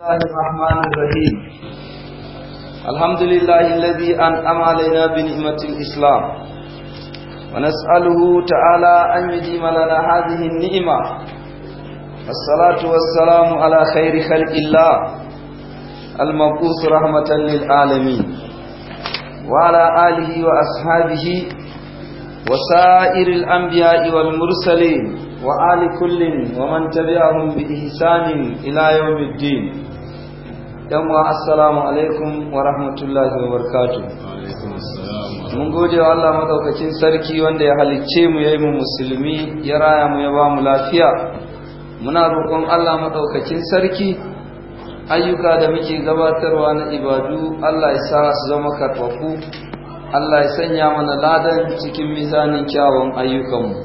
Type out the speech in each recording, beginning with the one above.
الله الرحمن الرحيم الحمد لله الذي أنعم علينا بنعمة الإسلام ونسأله تعالى أن يديم لنا هذه النعمة الصلاة والسلام على خير خلق الله المبعوث رحمة للعالمين وعلى آله وأصحابه وسائر الأنبياء والمرسلين وآل كل ومن تبعهم بإحسان إلى يوم الدين Yan ma assalamu alaikum wa rahmatullahi wa barkatu mun gode wa Allah madaukakin sarki wanda ya halicce mu yayi mu musulmi ya raya mu ya ba mu lafiya muna roƙon Allah madaukakin sarki ayyuka da muke gabatarwa na ibadu Allah ya sa su zama karfafu Allah ya sanya mana ladan cikin mizanin kyawun ayyukanmu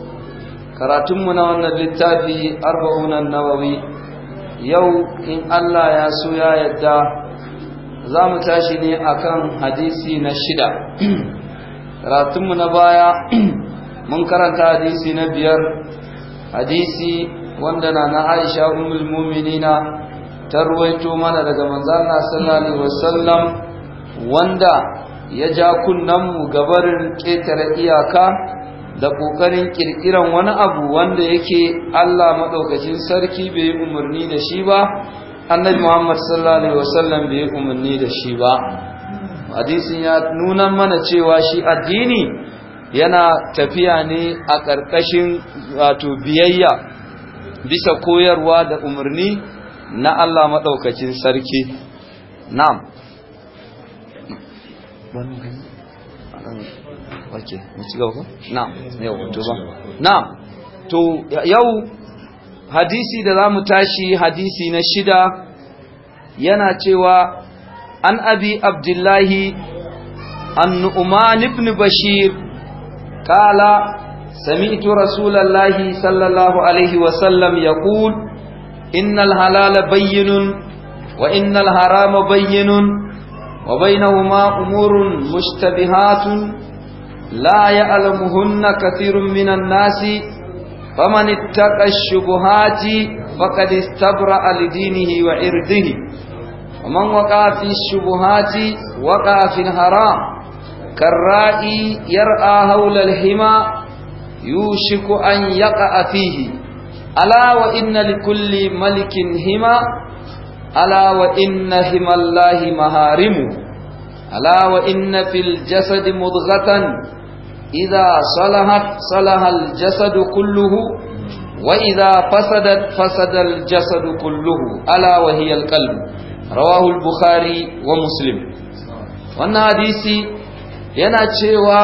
karatunmu na wannan littafi arba'unan nawawi yau in Allah ya so ya yadda za mu tashi ne akan hadisi na shida karatunmu na baya mun karanta hadisi na biyar hadisi wanda na na aisha umul muminina ta ruwaito mana daga manzana sallallahu alaihi wasallam wanda ya ja kunnanmu gabarin ƙetare iyaka da ƙoƙarin ƙirƙiran wani abu wanda yake Allah maɗaukacin sarki bai yi umarni da shi ba annabi Muhammad sallallahu alaihi wasallam bai yi umarni da shi ba hadisin ya nuna mana cewa shi addini yana tafiya ne a ƙarƙashin wato biyayya bisa koyarwa da umarni na Allah maɗaukacin sarki na'am Okay, mu ko na'am yau to ba na'am to yau hadisi da zamu tashi hadisi na shida yana cewa an abi abdullahi an-nu'man ibn bashir qala samitu رسول الله صلى الله عليه وسلم wa إن الحلال بين wa baina بين وبينهما أمور مشتبهات لا يعلمهن كثير من الناس فمن اتقى الشبهات فقد استبرأ لدينه وعرضه ومن وقع في الشبهات وقع في الحرام كالرائي يرعى هول الهما يوشك أن يقع فيه ألا وإن لكل ملك هما ألا وإن هما الله مهارمه ألا وإن في الجسد مضغة Iza salahat salahal jasadu kulluhu wa idza fasadat fasadar jasadu kulluhu ala wa hiya alqalb bukhari wa muslim wannan hadisi yana cewa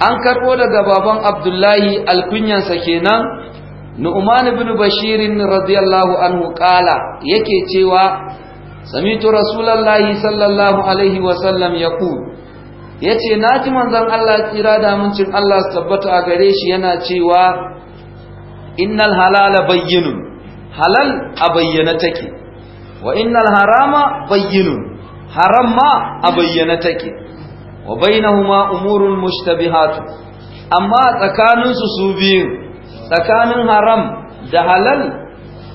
an karɓo daga baban abdullahi alkunyansa kenan nu'man ibn bashir radiyallahu anhu qala yake cewa samitu rasulullahi sallallahu alaihi wa sallam yaqul ya ce na ji manzan Allah tsira da cin Allah su tabbata a gare shi yana cewa innal halala bayyinun halal a bayyana take wa innal harama bayyinun haram ma a bayyana take wa bainahuma umurun mushtabihatu amma tsakaninsu su biyu tsakanin haram da halal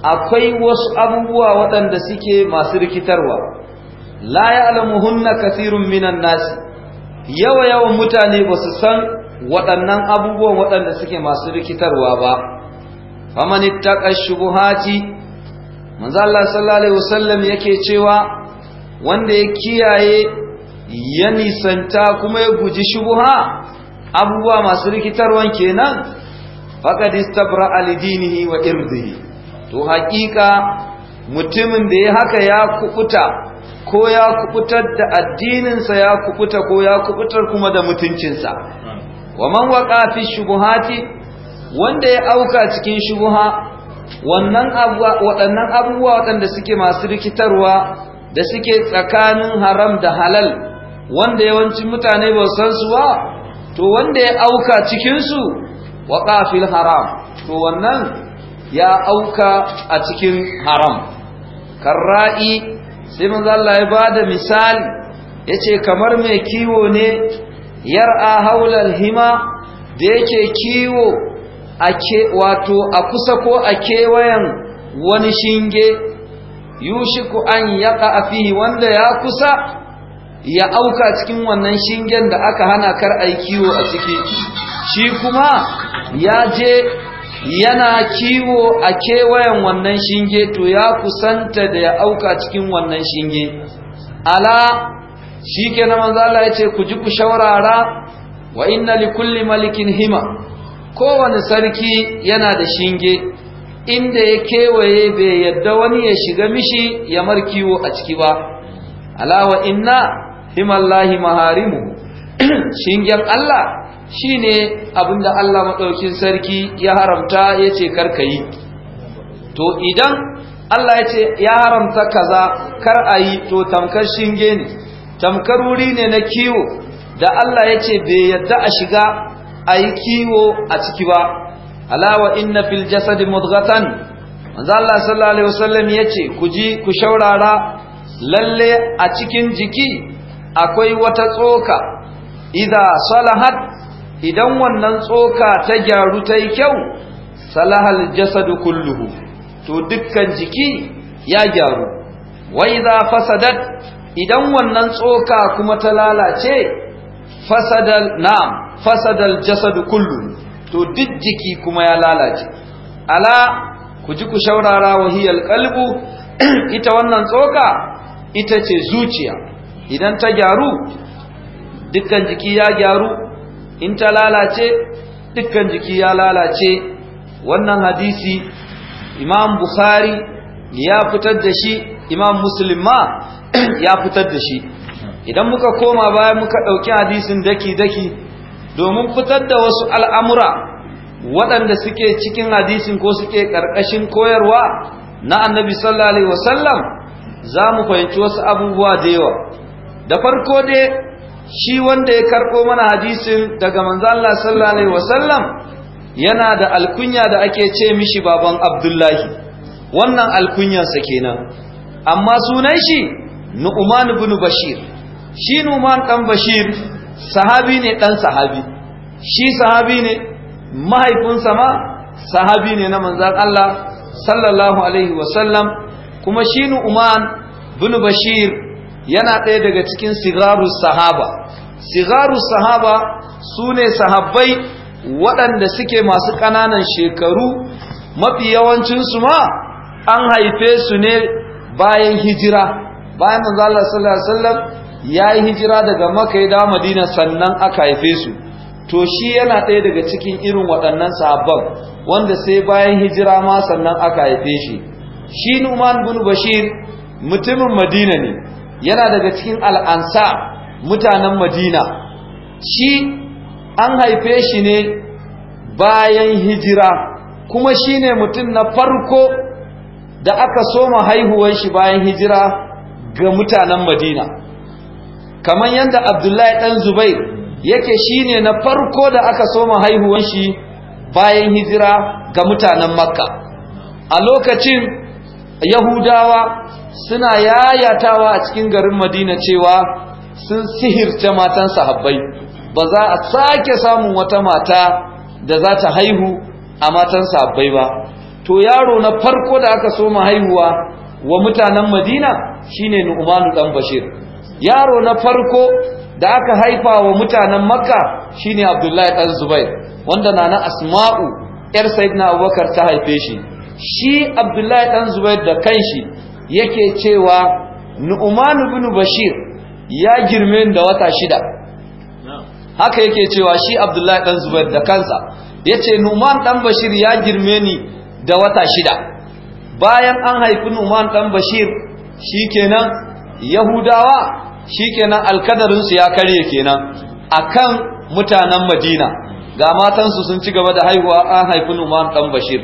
akwai wasu abubuwa waɗanda suke masu rikitarwa la ya'lamuhunna kathirun minan nasi yawa yawan mutane ba su san waɗannan abubuwan waɗanda suke masu rikitarwa ba faman ittaqa shubuhati manzo Allah sallallahu alaihi wasallam yake cewa wanda ya kiyaye ya nisanta kuma ya guji shubuha abubuwa masu rikitarwa kenan faqad istabra alidinihi wa irdihi to haƙiƙa mutumin da ya haka ya kuɓuta ko ya kubutar da addininsa ya kubuta ko ya kubutar kuma da mutuncinsa wa man waqa fi shubuhati wanda ya auka cikin shubuha wannan abuwa waɗannan abubuwa waɗanda suke masu rikitarwa da suke tsakanin haram da halal wanda yawancin mutane ba su san su ba to wanda ya auka cikin su waqa fil haram to wannan ya auka a cikin haram karra'i sai manzo Allah ya bada misali yace kamar mai kiwo ne yar'a haulal hima da yake kiwo a ke wato a kusa ko a ke wayan wani shinge yushiku an yaqa fihi wanda ya kusa ya auka cikin wannan shingen da aka hana kar ai kiwo a ciki shi kuma ya je yana kiwo a kewayen wannan shinge to ya kusanta da ya auka cikin wannan shinge ala shi ke na manzala ya ce ku ji ku shaurara wa inna li kulli malikin hima kowane sarki yana da shinge inda ya kewaye bai yadda wani ya shiga mishi ya mar kiwo a ciki ba ala wa inna himallahi maharimu shingen Allah Shi ne abinda Allah maɗaukin sarki ya haramta ya ce karka yi. to idan Allah ya ce ya haramta kaza kar a yi to tamkar shinge ne tamkar wuri ne na kiwo da Allah ya ce bai yadda a shiga a yi kiwo a ciki ba alawa inna fil jasadi mudghatan manzo Allah sallallahu alaihi wasallam ce ku ji ku shaurara lalle a cikin jiki akwai wata tsoka idza salahat idan wannan tsoka ta gyaru ta yi kyau salahal jasadu kulluhu to dukkan jiki ya gyaru wai za fasadat idan wannan tsoka kuma ta lalace fasadal na'am fasadal jasadu kulluhu to duk jiki kuma ya lalace ala ku ji ku shaurara wa hiyar qalbu ita wannan tsoka ita ce zuciya idan ta gyaru dukkan jiki ya gyaru in ta lalace dukkan jiki ya lalace wannan hadisi imam bukhari ya fitar da shi imam muslim ma ya fitar da shi idan muka koma bayan muka ɗauki hadisin daki-daki domin fitar da wasu al'amura waɗanda suke cikin hadisin ko suke ƙarƙashin koyarwa na annabi sallallahu alaihi wasallam za mu fahimci wasu abubuwa da yawa da farko dai shi wanda ya karko mana hadisin daga manzan Allah sallallahu alaihi wasallam yana da alkunya da ake ce mishi baban Abdullahi wannan alkunyarsa kenan amma sunan shi Nu'man ibn Bashir shi Nu'man dan Bashir sahabi ne dan sahabi shi sahabi ne mahaifinsa ma sahabi ne na manzan Allah sallallahu alaihi wasallam kuma shi Nu'man ibn Bashir yana ɗaya daga cikin sigaru sahaba sigaru sahaba su ne sahabbai waɗanda suke masu ƙananan shekaru mafi yawancinsu ma an haife su ne bayan hijira bayan manzala sallallahu alaihi wasallam ya yi hijira daga makai da madina sannan aka haife su to shi yana ɗaya daga cikin irin waɗannan sahabban wanda sai bayan hijira ma sannan aka haife shi shi numan bin bashir mutumin madina ne yana daga cikin al'ansa mutanen madina shi an haife shi ne bayan hijira kuma shi ne mutum na farko da aka soma haihuwar shi bayan hijira ga mutanen madina kamar yadda abdullahi ɗan zubair yake shi ne na farko da aka soma haihuwar shi bayan hijira ga mutanen makka a lokacin yahudawa suna yayatawa a cikin garin madina cewa sun sihirce matan sahabbai ba za a sake samun wata mata da za ta haihu a matan sahabbai ba to yaro na farko da aka so soma haihuwa wa mutanen madina shine nu'manu dan bashir yaro na farko da aka haifa wa mutanen makka shine abdullahi dan zubair wanda nana asma'u yar sayyidina abubakar ta haife shi shi abdullahi dan zubair da kanshi yake cewa nu'man bin bashir ya girme da wata shida haka yake cewa shi abdullahi dan zubair da kansa yace nu'man dan bashir ya girme ni da wata shida bayan an haifi nu'man dan bashir shikenan yahudawa shikenan alkadarin su ya karye kenan a kan mutanen madina ga matansu sun ci gaba da haihuwa an haifi nu'man dan bashir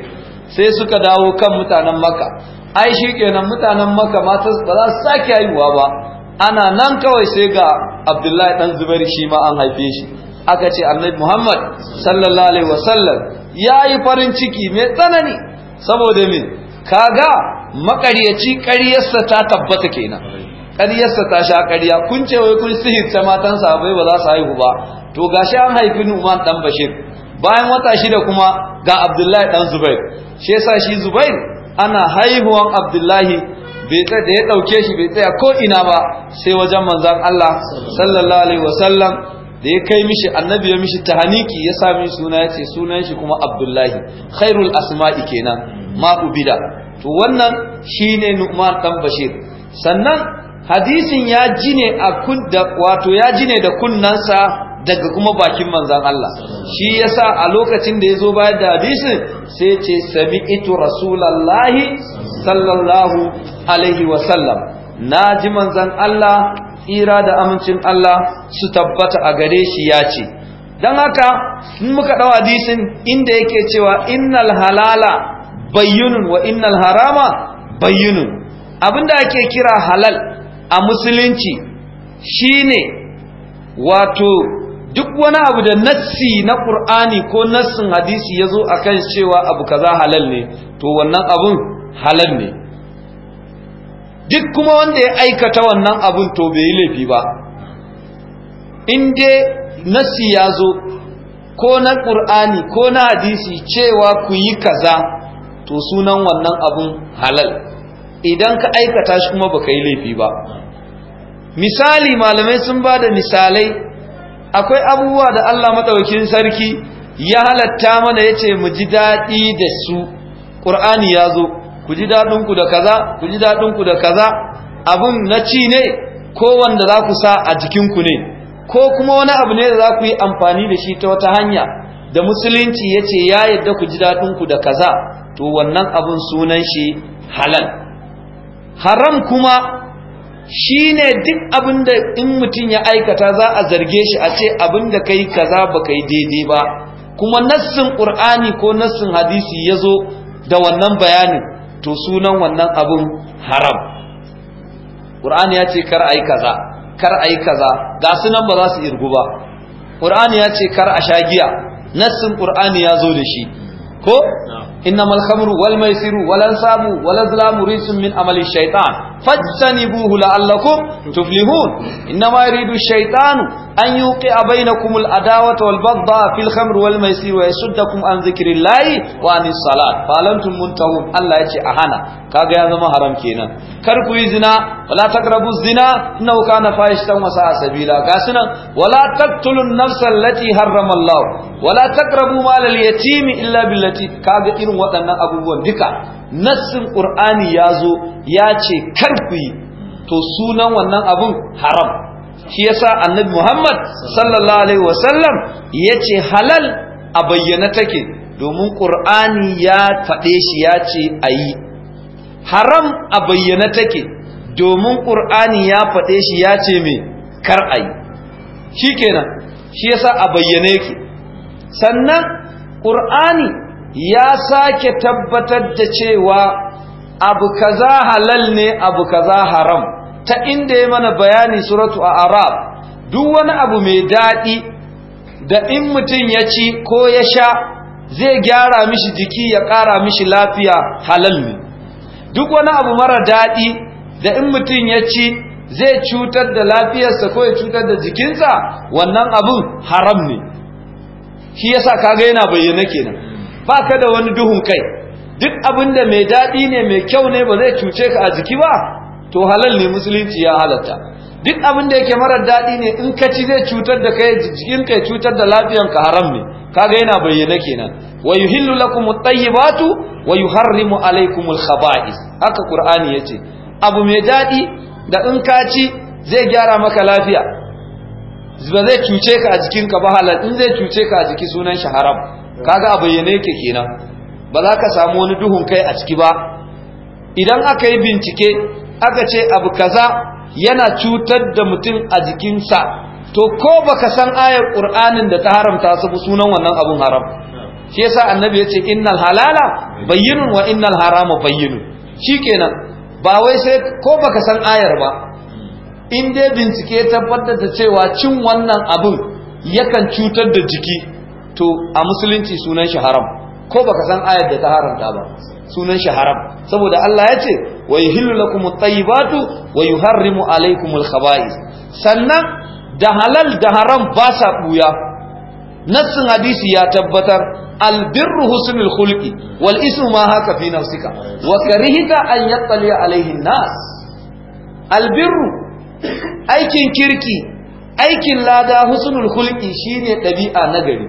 sai suka dawo kan mutanen makka ai shi kenan mutanen maka mata ba za su sake haihuwa ba ana nan kawai sai ga abdullahi dan zubair shi ma an haife shi aka ce annabi muhammad sallallahu alaihi wasallam ya yi farin ciki mai tsanani saboda me kaga makaryaci ƙaryarsa ta tabbata kenan ƙaryarsa ta sha ƙarya kun ce wai kun ta matan sahabbai ba za su haihu ba to gashi an haifi numan dan bashir bayan wata shida kuma ga abdullahi dan zubair shi yasa shi zubair ana haihuwan abdullahi bai tsaye da ya ɗauke shi bai tsaya ko ina ba sai wajen manzan Allah sallallahu alaihi wasallam da ya kai mishi annabi ya mishi tahaniki ya sami suna ya ce sunan shi kuma abdullahi khairul asma'i kenan ma ubida to wannan shine nu'man dan bashir sannan hadisin ya jine a kun da wato ya jine da kunnansa daga kuma bakin manzan Allah shi yasa a lokacin da ya zo bayar da hadisin sai ce ito rasulallahi sallallahu alaihi wasallam na ji manzan Allah tsira da amincin Allah su tabbata a gare shi ya ce don haka muka ɗau hadisin inda yake cewa innal halala bayyunun wa innal harama bayyunun abinda ake kira halal a musulunci shine wato duk wani abu da nassi na ƙur'ani ko nassin hadisi ya zo a kan cewa abu kaza halal ne to wannan abun halal ne duk kuma wanda ya aikata wannan abun to bai yi laifi ba in dai nassi ya zo ko na ƙur'ani ko na hadisi cewa ku yi kaza to sunan wannan abun halal idan ka aikata shi kuma baka yi laifi ba misali malamai sun ba da misalai akwai abubuwa da Allah maɗaukin sarki ya halatta mana ya ce mu ji daɗi da su ƙur'ani ya zo ku ji daɗinku da kaza ku ji daɗinku da kaza Abin na ci ne ko wanda za ku sa a jikinku ne ko kuma wani abu ne da za ku yi amfani da shi ta wata hanya da musulunci ya ce ya yadda ku ji daɗinku da kaza to wannan abin sunan shi halal haram kuma shine duk abinda in mutum ya aikata za a zarge shi a ce abinda kai kaza ba kai daidai ba kuma nassin qur'ani ko nassin hadisi yazo da wannan bayanin to sunan wannan abun haram qur'ani ya ce kar yi kaza kar yi kaza ga sunan ba za su irgu ba qur'ani ya ce kar a sha giya nassin qur'ani ya zo da shi ko Inna innamal khamru wal maisiru wal ansabu wal azlamu rijsun min amali shaytan fajtanibuhu la'allakum tuflihun innama yuridu shaytanu an yuqi bainakum al-adawata wal a fil mai wal maisir wa yasuddakum an layi. wa anis salat mun muntahun Allah ce a hana kaga ya zama haram kenan kar ku yi zina wala taqrabu zina innahu kana fahishatan wa sa'a sabila ga sunan wala taqtulun nafsa allati harrama Allah wala taqrabu mal al-yatimi illa billati kaga irin waɗannan abubuwan duka nassin qur'ani yazo ce kar ku yi to sunan wannan abun haram shi yasa annabi Muhammad sallallahu alaihi wasallam yace halal a bayyana take domin Qur'ani ya faɗe shi ya ce ayi haram a bayyana take domin Qur'ani ya faɗe shi ya ce me kar ayi shikenan shi yasa a bayyane yake sannan Qur'ani ya sake tabbatar da cewa abu kaza halal ne abu kaza haram ta inda ya mana bayani suratu a arab duk wani abu mai daɗi da in mutum ya ci ko ya sha zai gyara mishi jiki ya ƙara mishi lafiya halal ne duk wani abu mara daɗi da in mutum ya ci zai cutar da lafiyarsa ko ya cutar da jikinsa wannan abun haram ne shi yasa kaga yana bayyana kenan ba ka da wani duhun kai duk abin da mai daɗi ne mai kyau ne ba zai cuce ka a jiki ba to halal ne musulunci ya halatta duk abin da yake marar daɗi ne in ka ci zai cutar da kai jikin kai cutar da lafiyan ka haram ne kaga yana bayyana kenan wa yuhillu lakum at-tayyibatu wa yuharrimu alaykum al-khaba'is haka qur'ani yace abu mai daɗi da in ka ci zai gyara maka lafiya ba zai cuce ka a jikin ka ba halal in zai cuce ka a jiki sunan shi haram kaga a bayyane yake kenan ba za ka samu wani duhun kai a ciki ba idan aka yi bincike aka ce abu kaza yana cutar da mutum a jikinsa to ko baka san ayar qur'anin da ta haramta su sunan wannan abun haram shi yasa annabi ya ce innal halala bayyinun wa innal harama bayyinun shikenan ba wai sai ko baka san ayar ba in dai bincike tabbatar da cewa cin wannan abun yakan cutar da jiki to a musulunci sunan shi haram ko baka san ayar da ta haramta ba sunan shi haram saboda Allah ya ce wa yuhillu lakum at-tayyibatu wa yuharrimu alaykum al-khaba'ith sannan da halal da haram ba sa buya nassin hadisi ya tabbatar albirru husnul khulqi wal ismu ma haka fi nafsika wa karihta an yattali alayhi nas albirru aikin kirki aikin lada husnul khulqi shine dabi'a nagari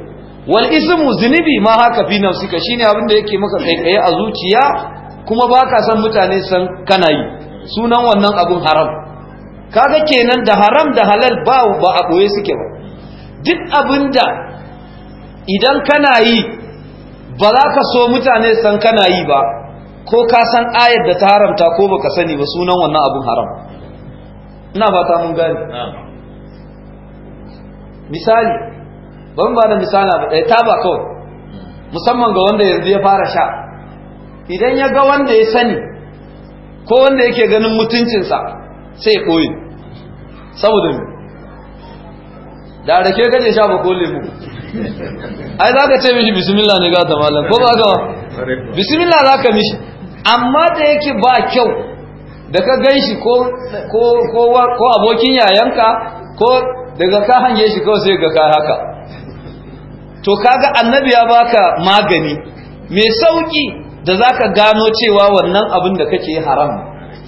wal ismu zunubi ma haka fi nafsika shine abin da yake maka kai kai a zuciya kuma ba ka san mutane san kana yi sunan wannan abun haram kaga kenan da haram da halal ba ba a boye suke ba duk abinda idan kana yi ba za ka so mutane san kana yi ba ko ka san ayar da ta haramta ko baka sani ba sunan wannan abun haram ina ba ta mun gani misali ban ba da misali ba ɗaya ba kawai musamman ga wanda yanzu ya fara sha idan ya ga wanda ya sani ko wanda yake ganin mutuncinsa sai ya saboda mu da rake kaje sha ba ko. lemu ai za ka ce mishi bismillah ne gata malam ko ba ga bismillah za ka mishi amma da yake ba kyau da ka gan shi ko abokin yayanka ko daga ka hange shi kawai sai ga ka haka to kaga annabi ya baka magani mai sauki da za ka gano cewa wannan abin da kake haram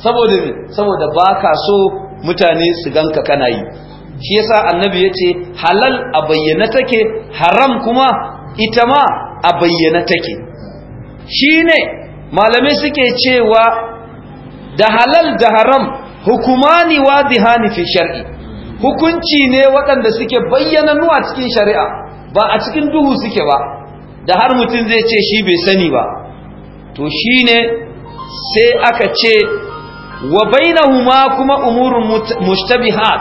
saboda me saboda ba ka so mutane su ka, kana yi shi yasa annabi ya ce halal a bayyana take haram kuma ita ma a bayyana take shi ne malamai suke cewa da halal da haram hukumani wa dihani fi shar'i hukunci ne waɗanda suke bayyana nuwa cikin shari'a ba a cikin duhu suke ba da har mutum zai ce shi bai sani ba to shine sai aka ce wa bainahuma kuma umurun mushtabihat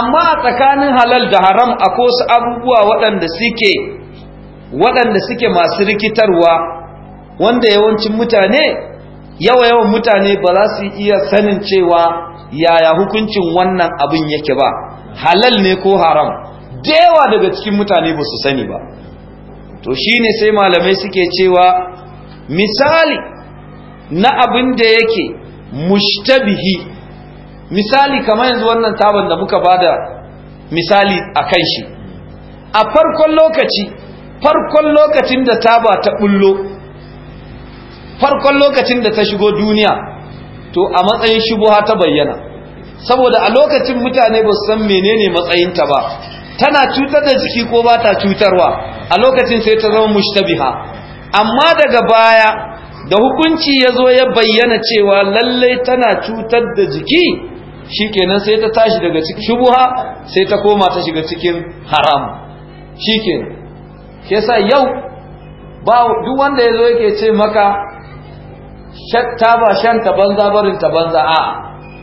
amma a tsakanin halal da haram akwai su abubuwa waɗanda suke waɗanda suke masu rikitarwa wanda yawancin mutane yawa-yawan mutane ba za su iya sanin cewa yaya hukuncin wannan abin yake ba halal ne ko haram dewa daga cikin mutane ba su sani ba to shine sai malamai suke cewa misali na abin da yake mushtabihi misali kamar yanzu wannan tabon da muka bada misali a kan shi a farkon lokaci farkon lokacin da taba ta bullo farkon lokacin da ta shigo duniya to a matsayin shubuha ta bayyana saboda a lokacin mutane ba su san menene matsayin ta ba tana cutar da jiki ko ba ta cutarwa a lokacin sai ta zama mushtabiha amma daga baya da hukunci ya zo ya bayyana cewa lallai tana cutar da jiki shi kenan sai ta tashi daga cikin shubuha sai ta koma ta shiga cikin haram shi kenan sa yau ba duk wanda ya zo yake ce maka ta ba shanta banza barin ta banza a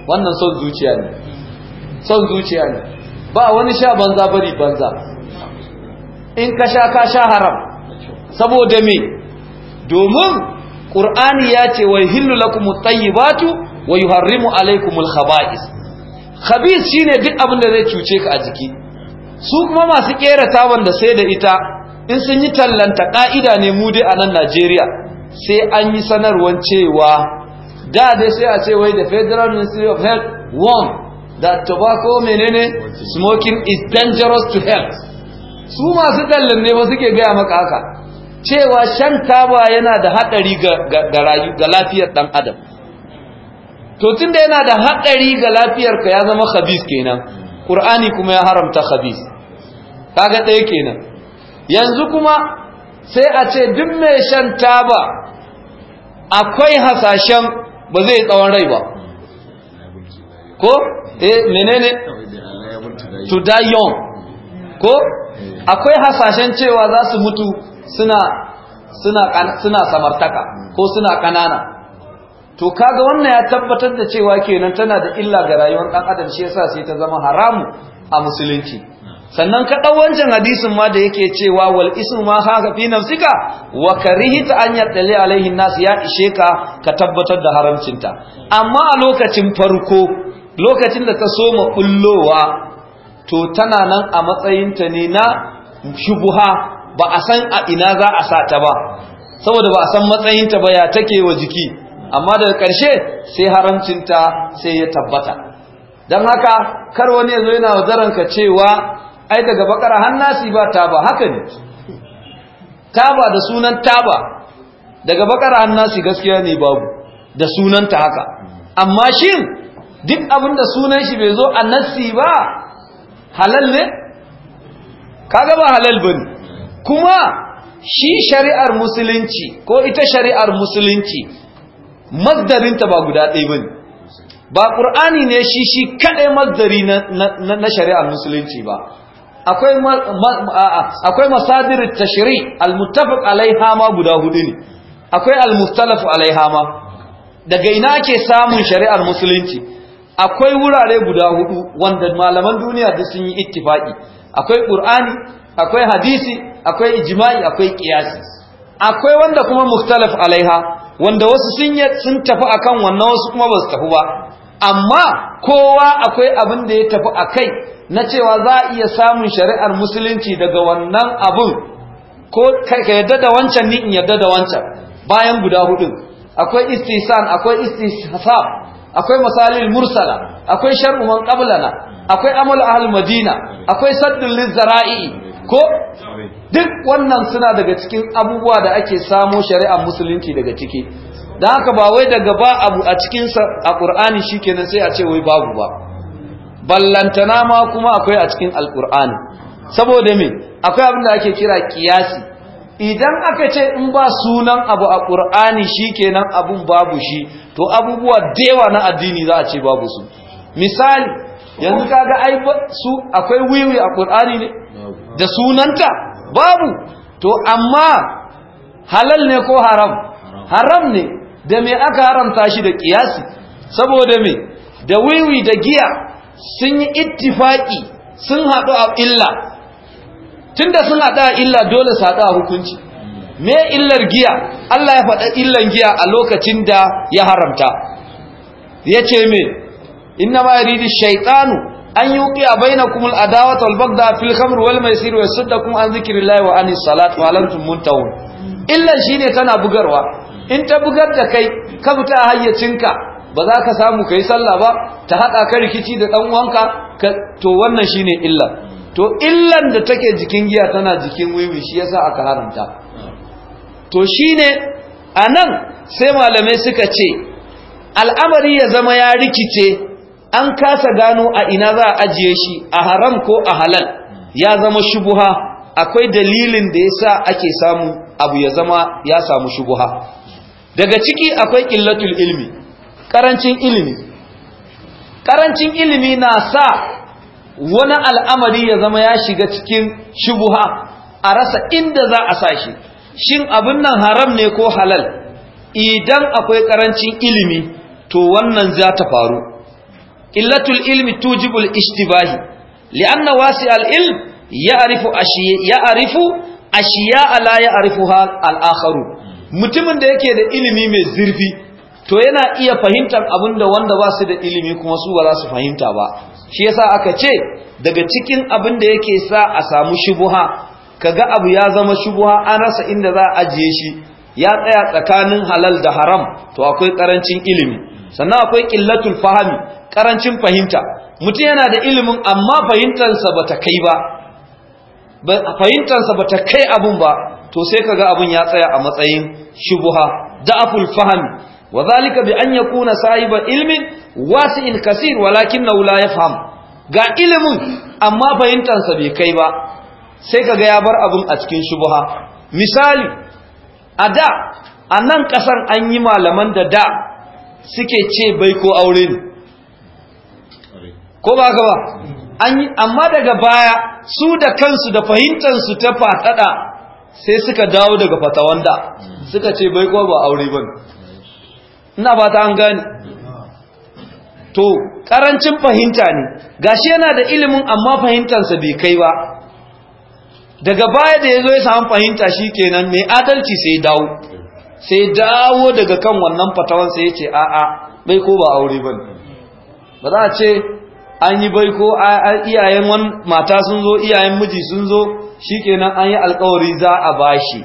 wannan son zuciya ne son zuciya ne ba wani sha banza bari banza in ka sha ka sha haram saboda me domin ƙur'ani ya ce wa yuhillu lakum at-tayyibatu wa yuharrimu alaykum al-khaba'is khabith shine duk abin da zai cuce ka a jiki su kuma masu kera taban da sai da ita in sun yi tallanta ka'ida ne mu dai a nan Najeriya sai an yi sanarwar cewa da dai sai a ce wai the Federal Ministry of Health warn that tobacco menene smoking is dangerous to health su masu tallan ne ba suke gaya maka haka cewa shan taba yana da haɗari ga lafiyar ɗan adam to tunda yana da haɗari ga lafiyar ka ya zama khabis kenan ƙur'ani kuma ya haramta khabis kaga ɗaya kenan yanzu kuma sai a ce duk mai shan taba akwai hasashen ba zai tsawon rai ba ko eh menene to die young ko akwai hasashen cewa za su mutu suna suna suna samartaka ko suna kanana to kaga wannan ya tabbatar da cewa kenan tana da illa ga rayuwar dan adam shi yasa sai ta zama haramu a musulunci sannan ka dau wancan hadisin ma da yake cewa wal ismu ma haka fi nafsika wa karihta an yaddali alaihi nas ya ishe ka ka tabbatar da haramcinta amma a lokacin farko lokacin da ta soma kullowa to tana nan a matsayinta ne na shubuha ba a san a ina za a sa ta ba saboda ba a san matsayinta ba ya take wa jiki amma daga ƙarshe sai haramcinta sai ya tabbata don haka kar wani ya zo yana wazaranka cewa ai daga bakara hannasi ba ta ba haka ne taba da sunan taba daga bakara hannasi gaskiya ne babu da sunanta haka amma shin duk abin da sunan shi bai zo a nasi ba halal ne kaga ba halal bane kuma shi shari'ar musulunci ko ita shari'ar musulunci mazdarinta ba guda ɗaya ba ba ƙur'ani ne shi shi kaɗai mazdari na shari'ar musulunci ba akwai masadirin tashiri almuttafaq alaiha ma guda hudu ne akwai almustalafu alaiha ma daga ina ke samun shari'ar musulunci akwai wurare guda hudu wanda malaman duniya da sun yi ittifaki akwai ƙur'ani. akwai hadisi akwai ijma'i akwai qiyasi akwai wanda kuma mukhtalaf alaiha wanda wasu sun sun tafi akan wannan wasu kuma ba su tafi ba amma kowa akwai abin da ya tafi akai na cewa za a iya samun shari'ar musulunci daga wannan abun ko ka yadda da wancan ni in yadda da wancan bayan guda hudu akwai istisan akwai istihsab akwai masalil mursala akwai shar'u man qablana akwai amal ahl madina akwai saddul lizara'i ko duk wannan suna daga cikin abubuwa da ake samo shari'ar musulunci daga ciki don haka ba wai daga ba abu a cikinsa a ƙur'ani shi kenan sai a ce wai babu ba ballantana ma kuma akwai a cikin alƙur'ani saboda me akwai abin da ake kira kiyasi idan aka ce in ba sunan abu a ƙur'ani shi kenan abun babu shi to abubuwa da na addini za a ce babu su misali yanzu kaga ai su akwai wiwi a ƙur'ani ne da sunanta babu to amma halal ne ko haram haram ne da me aka haramta shi da kiyasi saboda me da wiwi da giya sun yi ittifaki sun haɗu a illa tunda sun haɗu a illa dole su haɗu a hukunci me illar giya Allah ya faɗa illan giya a lokacin da ya haramta ya ce me inna ma yuridu shaytanu an yi yuqi bainakum al-adawat wal da fil khamr wal mai wa kuma an zikrillah wa anis salat wa antum Illan illa ne tana bugarwa in ta bugar da kai ka fita hayyacinka ba za ka samu ka yi sallah ba ta haɗa ka rikici da dan to wannan shi ne illa to illan da take jikin giya tana jikin wiwi shi yasa aka haramta to a nan sai malamai suka ce al'amari ya zama ya rikice an kasa gano a ina za a ajiye shi a haram ko a halal ya zama shubuha akwai dalilin da yasa ake samu abu ya zama ya samu shubuha daga ciki akwai illatul ilmi karancin ilimi karancin ilimi na sa wani al'amari ya zama ya shiga cikin shubuha a rasa inda za a sa shi shin abin nan haram ne ko halal idan akwai karancin ilimi to wannan za ta faru illatul ilmi tujibul ishtibahi li'anna wasi al-ilm ya'rifu ashiya ya'rifu ashiya la ya'rifuha al-akharu mutumin da yake da ilimi mai zurfi to yana iya fahimtar abinda wanda ba su da ilimi kuma su ba za su fahimta ba shi yasa aka ce daga cikin abin da yake sa a samu shubuha kaga abu ya zama shubuha an rasa inda za a ajiye shi ya tsaya tsakanin halal da haram to akwai karancin ilimi sannan akwai qillatul fahmi karancin fahimta mutum yana da ilimin amma fahimtansa ba ta kai ba fahimtansa ba ta kai abun ba to sai kaga abun ya tsaya a matsayin shubuha da'aful fahami wa zalika bi an yakuna sahiba ilmin wasi'in kasir walakinahu la yafham ga ilimin amma fahimtansa bai kai ba sai kaga ya bar abun a cikin shubuha misali a da a nan ƙasar an yi malaman da da suke ce bai ko aure ne ko ba ka ba amma daga baya su da kansu da fahimtansu ta fatada sai suka dawo daga fatawanda suka ce bai ko ba aure ba ina ta an gani to karancin fahimta ne gashi yana da ilimin amma fahimtansa bai kai ba daga baya da ya zo ya samu fahimta shi kenan mai adalci sai dawo sai dawo daga kan wannan fatawan sai ya ce a'a bai ko ba aure ba ba za a ce an yi baiko iyayen wani mata sun zo iyayen miji sun zo shikenan an yi alkawari za a bashi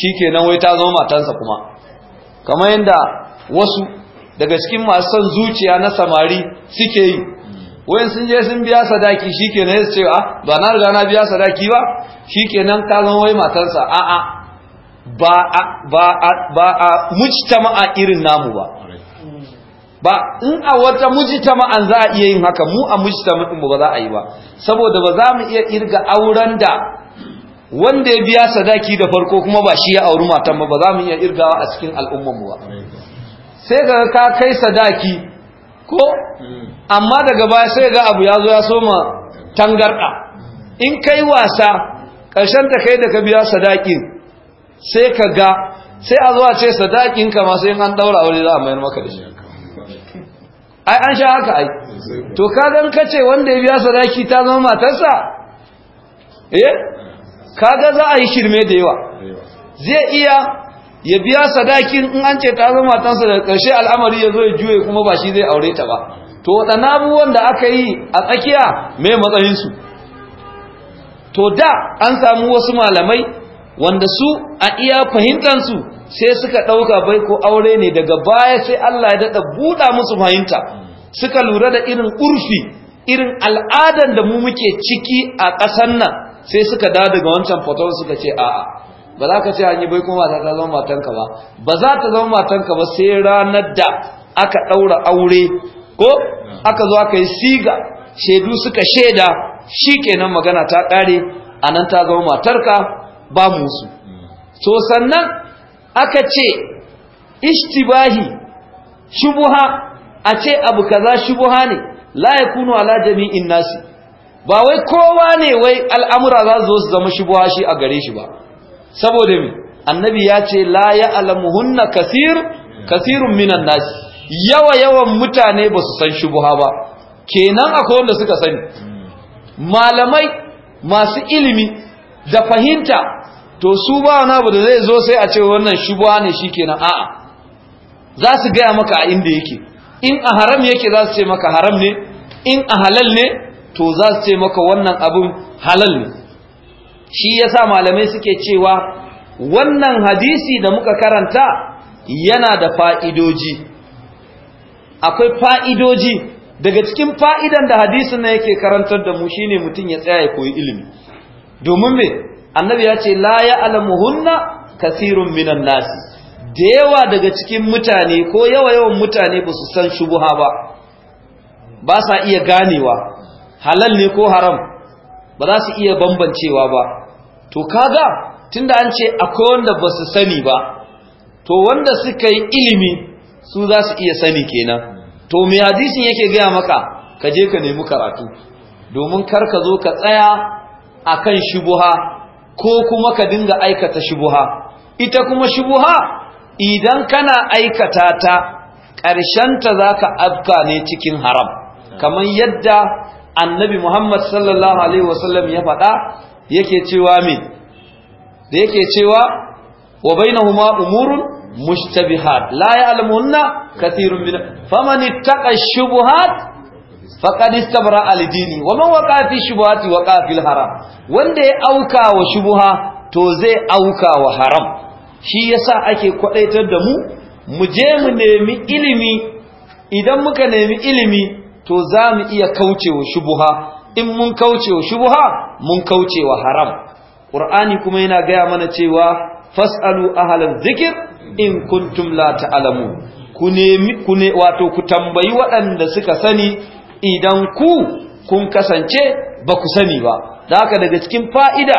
shikenan wai ta zama matansa kuma kamar yadda wasu daga cikin masu son zuciya na samari suke yi wayan sun je sun biya sadaki shikenan ya ce a ah, ba na riga na biya sadaki ba shikenan ta zama wai matansa a'a ba a ba a ba a mujtama'a irin namu ba ba in a wata mujtama an za a iya yin haka mu a mujtama din ba za a yi ba saboda ba za mu iya irga auren da wanda ya biya sadaki da farko kuma ba shi ya auri matan ba ba za mu iya irgawa a cikin al'umman mu ba sai ga ka kai sadaki ko amma daga baya sai ga abu ya zo ya soma tangarda in kai wasa ƙarshen ta kai da ka biya sadaki sai ka ga sai a zuwa ce sadakin ka ma sai an daura aure za a mayar maka da shi ai an sha haka ai to gan kace wanda ya biya sadaki ta zama matarsa eh kaga za a yi shirme da yawa zai iya ya biya sadakin in an ce ta zama matarsa da ƙarshe al'amari ya zo ya juye kuma ba shi zai aure ta ba to waɗannan abubuwan da aka yi a tsakiya mai su to da an samu wasu malamai wanda su a iya fahimtansu sai suka ɗauka bai ko aure ne daga baya sai Allah ya daɗa buɗa musu fahimta suka lura da irin ƙurfi irin al'adan da mu muke ciki a ƙasar nan sai suka dawo daga wancan fatawar suka ce a'a ba za ka ce an bai kuma mata ta zama matanka ba ba za ta zama matanka ba sai ranar da aka ɗaura aure ko aka zo aka yi siga shaidu suka shaida shi kenan magana ta ƙare a nan ta zama matarka ba musu to sannan aka ce ishtibahi shubuha a ce abu kaza shubuha ne la yakunu ala jami'in nasi ba wai kowa ne wai al'amura za su zama shubuha shi a gare shi ba saboda mi annabi ya ce la alamuhunna kasir, kasirun minan nasi yawa yawan mutane ba su san shubuha ba kenan akwai wanda suka sani malamai masu ilimi da fahimta to su ba wani abu da zai zo sai a ce wannan shubuha ne shi kenan a'a za su gaya maka a inda yake in a haram yake za su ce maka haram ne in a halal ne to za su ce maka wannan abun halal ne shi ya sa malamai suke cewa wannan hadisi da muka karanta yana da fa'idoji akwai fa'idoji daga cikin fa'idan da hadisin na yake karantar da mu shine mutum ya tsaya ya koyi ilimi domin me annabi ya ce la ya alamuhunna kasirun minan nasi. da yawa daga cikin mutane ko yawa yawan mutane ba su san shubuha ba ba sa iya ganewa halal ne ko haram ba za su iya bambancewa ba to kaga tunda an ce akwai wanda ba su sani ba to wanda suka yi ilimi su za su iya sani kenan to mai hadisin yake gaya maka ka je ka nemi karatu domin kar ka zo ka tsaya akan shubuha ko kuma ka dinga aikata shubuha ita kuma shubuha idan kana aikata ta ƙarshenta za ka abka ne cikin haram kamar yadda annabi muhammad sallallahu alaihi wasallam ya faɗa yake cewa min da yake cewa wa bainahuma umurun mushtabihat la ya'lamunna kathirun min faman shubuhat faqad istabra al-dini wa man waqa fi shubuhati waqa fil haram wanda ya auka wa shubuha to zai auka wa haram shi yasa ake kwadaitar da mu mu je mu nemi ilimi idan muka nemi ilimi to za mu iya kaucewa shubuha in mun kaucewa shubuha mun kaucewa haram qur'ani kuma yana gaya mana cewa fasalu ahlal zikr in kuntum la ta'lamun ku nemi ku ne wato ku tambayi waɗanda suka sani idan ku kun kasance ba ku sani ba da haka daga cikin fa'ida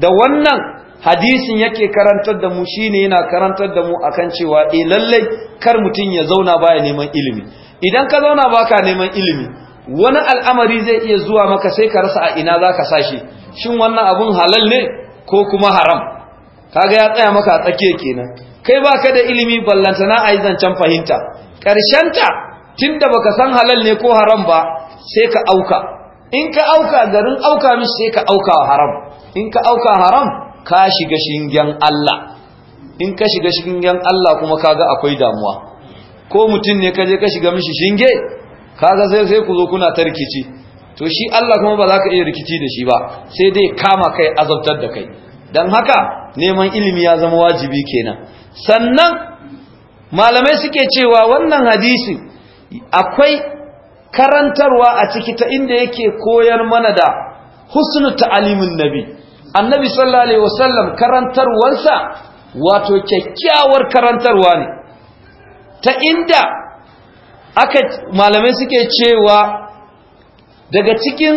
da wannan hadisin yake karantar da mu shine yana karantar da mu akan cewa eh lallai kar mutum ya zauna baya neman ilimi idan ka zauna baka neman ilimi wani al'amari zai iya zuwa maka sai ka rasa a ina zaka sashi shin wannan abun halal ne ko kuma haram kaga ya tsaya maka a tsake kenan kai baka da ilimi ballantana a yi zancen fahimta ƙarshenta tunda baka san halal ne ko haram ba sai ka auka in ka auka garin auka mishi sai ka auka haram in ka auka haram ka shiga shingen Allah in ka shiga shingen Allah kuma kaga akwai damuwa ko mutum ne kaje ka shiga mishi shinge kaga sai sai ku zo kuna ta rikici to shi Allah kuma ba za ka iya rikici da shi ba sai dai kama kai azabtar da kai dan haka neman ilimi ya zama wajibi kenan sannan malamai suke cewa wannan hadisin. akwai karantarwa a ciki ta inda yake koyar mana da husnu ta'alimin nabi annabi sallallahu alaihi wasallam karantarwarsa wato kyakkyawar karantarwa ne ta inda aka malamai suke cewa daga cikin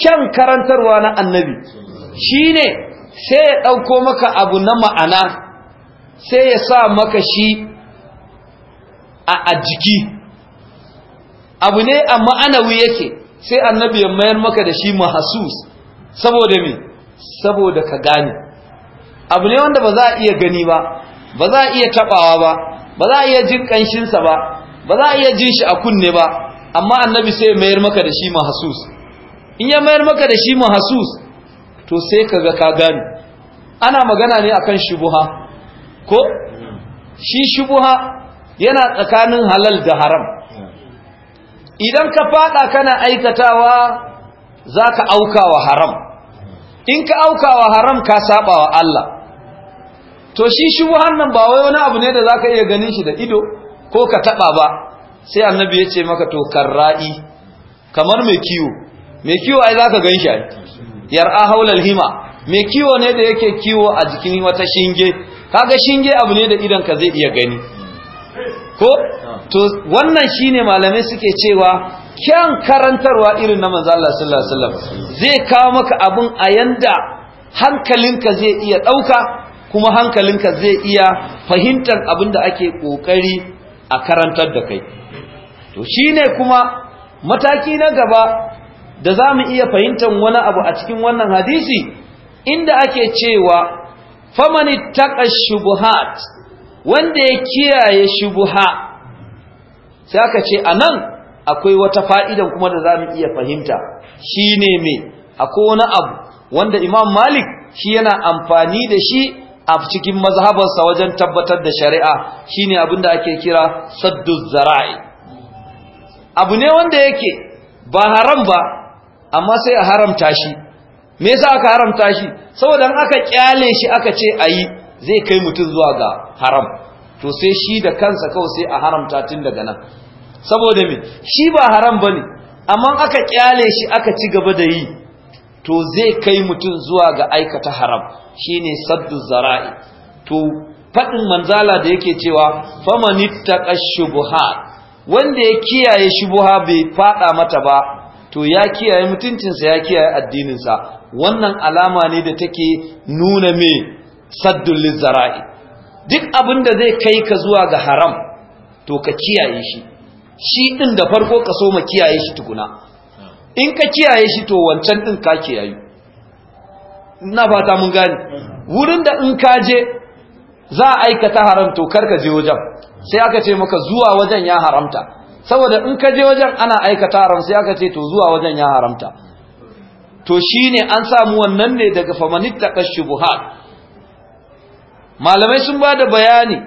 kyan karantarwa na annabi shine sai ya ɗauko maka abu na ma'ana sai ya sa maka shi a jiki. abu ne a ma'anawi yake sai annabi ya mayar maka da shi mahasus saboda me saboda ka gane abu ne wanda ba za a iya gani ba ba za a iya tabawa ba ba za a iya jin kanshinsa ba ba za a iya jin shi a kunne ba amma annabi sai ya mayar maka da shi mahasus in ya mayar maka da shi mahasus to sai kaga ka gane ana magana ne akan shubuha ko shi shubuha yana tsakanin halal da haram idan ka fada kana aikatawa zaka auka wa haram in ka auka wa haram ka saba wa Allah to shi shubuhan nan ba wai wani abu ne da zaka iya ganin shi da ido ko ka taba ba sai annabi ya ce maka to karra'i kamar mai kiwo mai kiwo ai zaka gan shi yar'a haulal hima mai kiwo ne da yake kiwo a jikin wata shinge kaga shinge abu ne da idan ka zai iya gani ko to wannan shine malamai suke cewa kyan karantarwa irin na manzo Allah sallallahu alaihi wasallam zai kawo maka abun a yanda hankalinka zai iya dauka kuma hankalinka zai iya fahimtar abin da ake kokari a karantar da kai to shine kuma mataki na gaba da za mu iya fahimtar wani abu a cikin wannan hadisi inda ake cewa famani shubuhat wanda ya kiyaye shubuha sai aka ce a nan akwai wata fa'idan kuma da za mu iya fahimta shi ne akwai wani abu wanda imam malik shi yana amfani da shi a cikin mazhabarsa wajen tabbatar da shari'a shi ne ake kira saddu zara'i abu ne wanda yake ba haram ba amma sai a haramta shi me yasa aka haramta shi saboda aka kyale shi aka ce ayi zai kai mutum zuwa ga haram to sai shi da kansa kawai sai a haramta tun daga nan saboda me shi ba haram bane amma aka kyale shi aka ci gaba da yi to zai kai mutum zuwa ga aikata haram shi ne saddu zara'i to fadin manzala da yake cewa famanitta shubuhat wanda ya kiyaye shubuha bai faɗa mata ba to ya kiyaye mutuncinsa ya kiyaye addininsa wannan alama ne da take nuna mai. saddun lizzara'i duk abin da zai kai ka zuwa ga haram to ka kiyaye shi shi ɗin da farko ka so ma kiyaye shi tukuna in ka kiyaye shi to wancan ɗin ka kiyayu Ina fata mun gani wurin da in ka je za a aikata haram to kar ka je wajen sai aka ce maka zuwa wajen ya haramta saboda in ka je wajen ana aikata haram sai aka ce to zuwa wajen ya haramta to shine an samu wannan ne daga famanittaqash shubuhat malamai sun bada bayani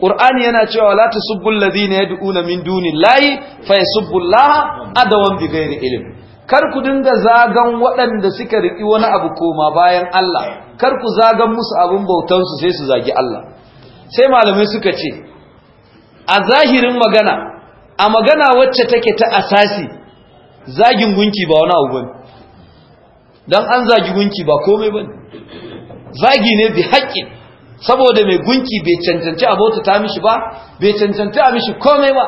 qur'ani yana cewa la tasubbul ladina yad'una min Subbul Laha adawan bighairi ilm kar ku dinga zagan waɗanda suka riki wani abu koma bayan Allah kar ku zagan musu abin bautan su sai su zagi Allah sai malamai suka ce a zahirin magana a magana wacce take ta asasi zagin gunki ba wani abu bane dan an zagi gunki ba komai bane zagi ne bi haƙƙin saboda mai gunki bai cancanci abota ta mishi ba bai cancanci a mishi komai ba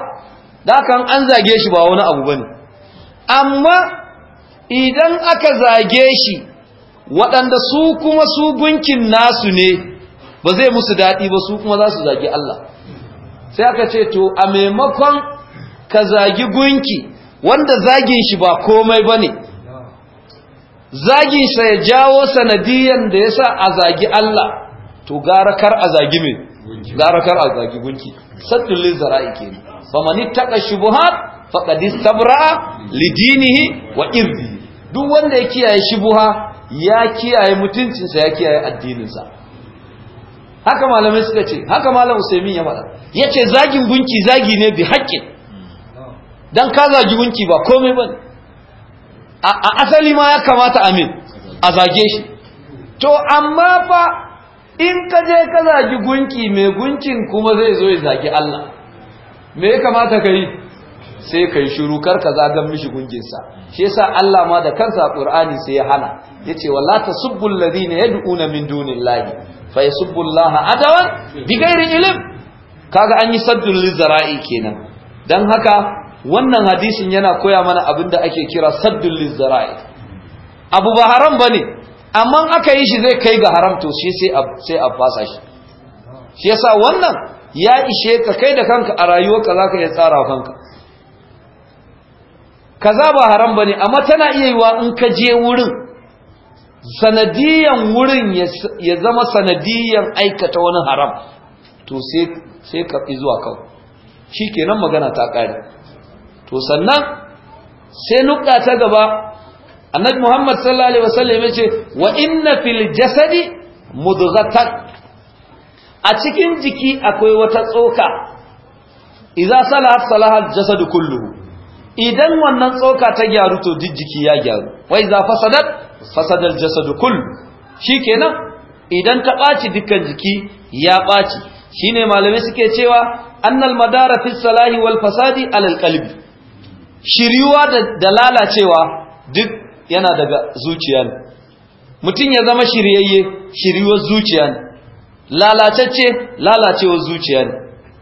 da aka an zage shi ba wani abu bane amma idan aka zage shi waɗanda su kuma su gunkin nasu ne ba zai musu daɗi ba su kuma za su zagi Allah sai aka ce to a maimakon ka zagi gunki wanda zagin shi ba komai ba ne zagin ya jawo sanadiyan da ya sa a zagi Allah to gara kar a zagi mai gara kar a zagi gunki saddul lizara'i kenan famani taqa shubuhat faɗaɗi istabra lidinihi wa irbi duk wanda ya kiyaye shubuha ya kiyaye mutuncinsa ya kiyaye addininsa haka malamai suka ce haka malamai usaimin ya faɗa yace zagin gunki zagi ne bi haƙƙin dan ka zagi gunki ba komai ba a asali ma ya kamata amin a zage shi to amma fa in ka je ka zagi gunki mai gunkin kuma zai zo ya zagi Allah me ya kamata ka yi sai ka yi shiru kar ka zagan mishi gunginsa shi yasa Allah ma da kansa a Qur'ani sai ya hana yace wala tasubbul ladina yad'una min dunillahi fa yasubbullaha adawan bighairi ilm kaga an yi saddul lizara'i kenan dan haka wannan hadisin yana koya mana abin da ake kira saddul lizara'i abu ba haram bane amma aka yi shi zai kai ga haram to shi sai a fasa shi shi yasa wannan ya ishe ka kai da kanka a rayuwarka za ka iya tsara kanka kaza ba haram ba ne amma tana iya yiwa in ka je wurin sanadiyan wurin ya zama sanadiyan aikata wani haram to sai ka fi zuwa kawo shi kenan magana ta kare to sannan sai nuka ta gaba annabi muhammad sallallahu alaihi wasallam ya ce wa inna fil jasadi mudghatan a cikin jiki akwai wata tsoka idza salaha salaha jasadu kulluhu idan wannan tsoka ta gyaru to duk jiki ya gyaru wai za fasadat fasadal jasadu kullu shikenan idan ta ɓaci dukkan jiki ya ɓaci shine malamai suke cewa annal madara fi salahi wal fasadi alal qalbi shiryuwa da lalacewa duk yana daga zuciya ne mutum ya zama shiryayye shiryuwar zuciya ne lalatacce lalacewar zuciya ne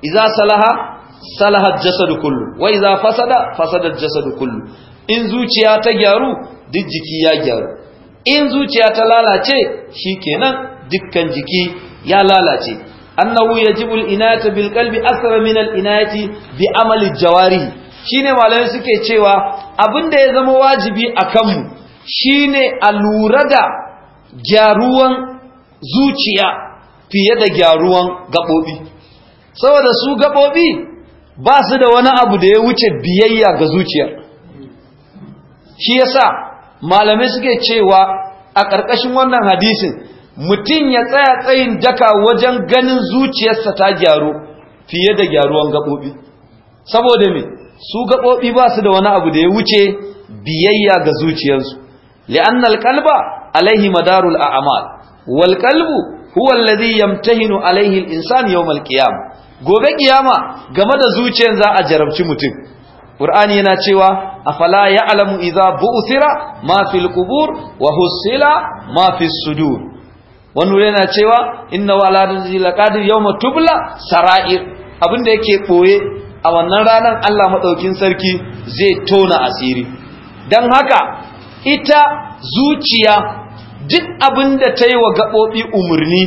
iza salaha salaha jasadu kullu wa iza fasada fasada jasadu kullu in zuciya ta gyaru duk jiki ya gyaru in zuciya ta lalace shi kenan dukkan jiki ya lalace annahu yajibu al bil qalbi asra min al-inayati bi amali jawarihi shine malamai suke cewa abinda ya zama wajibi akan mu shine a lura da gyaruwan zuciya fiye da gyaruwan gaɓoɓi saboda su gaɓoɓi ba su da wani abu da ya wuce biyayya ga zuciyar shi yasa malamai suke cewa a ƙarƙashin wannan hadisin mutum ya tsaya tsayin daka wajen ganin zuciyarsa ta gyaru fiye da gyaruwan gaɓoɓi saboda me su gaɓoɓi ba su da wani abu da ya wuce biyayya ga zuciyarsu لأن القلب alaihi madarul a'mal wal هو الذي alladhi yamtahinu alaihi يوم insan gobe kiyama game da zuciyar za a jarabci mutum qur'ani yana cewa afala ya'lamu idza bu'thira ma fil qubur wa husila ma fis sudur wannan yana cewa inna wala rizqil qadir yawma tubla sara'ir abinda yake boye a wannan ranar Allah madaukin sarki zai tona asiri dan haka ita zuciya duk abin da ta yi wa gaɓoɓi umarni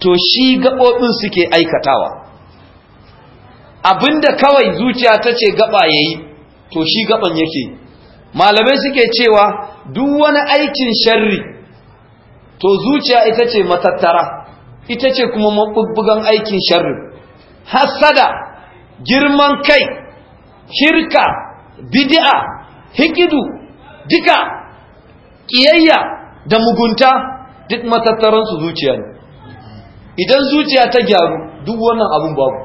to shi gaɓoɓin suke aikatawa abin da kawai zuciya ta ce gaɓa ya yi to shi gaɓan yake malamai suke cewa duk wani aikin sharri to zuciya ita ce matattara ita ce kuma mabubbugan aikin sharri hassada girman kai Hirka. bidi'a hikidu duka ƙiyayya da mugunta duk matattaransu zuciya ne idan zuciya ta gyaru duk wannan abun babu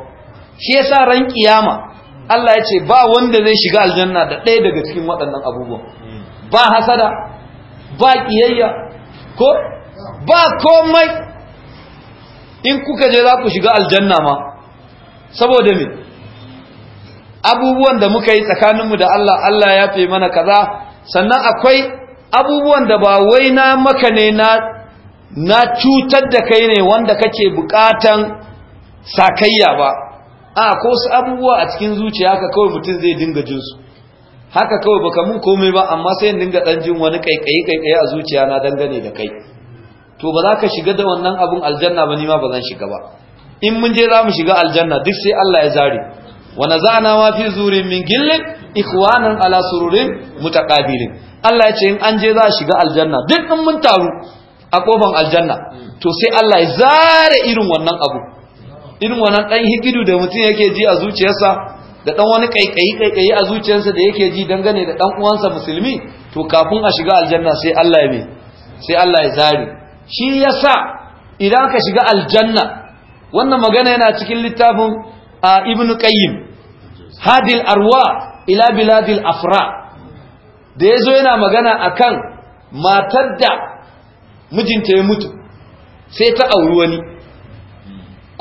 shi yasa ran ƙiyama, Allah ya ce ba wanda zai shiga aljanna da ɗaya daga cikin waɗannan abubuwan ba hasada ba ƙiyayya ko ba komai in kuka je za ku shiga aljanna ma saboda me abubuwan da muka yi tsakaninmu da Allah Allah ya fi mana kaza sannan akwai abubuwan da ba wai na maka ne na cutar da kai ne wanda kake bukatan sakayya ba a ko su abubuwa a cikin zuciya haka kawai mutum zai dinga su haka kawai baka mun komai ba amma sai in dinga dan jin wani kaikayi kaikayi a zuciya na dangane da kai to ba za ka shiga da wannan abun aljanna ba ni ma ba zan shiga ba in mun je za mu shiga aljanna duk sai Allah ya zare wa nazana ma fi zurin min gillin ikhwanan ala sururin mutaqabilin Allah ya ce in an je za a shiga aljanna duk in mun taru a kofan aljanna to sai Allah ya zare irin wannan abu irin wannan dan higidu da mutum yake ji a zuciyarsa da dan wani kaikayi kaikayi a zuciyarsa da yake ji dangane da dan uwansa musulmi to kafin a shiga aljanna sai Allah ya me sai Allah ya zare shi yasa idan ka shiga aljanna wannan magana yana cikin littafin ibnu qayyim hadil arwa ila biladil afra da ya zo yana magana a kan matar da mijinta ya mutu sai ta auri wani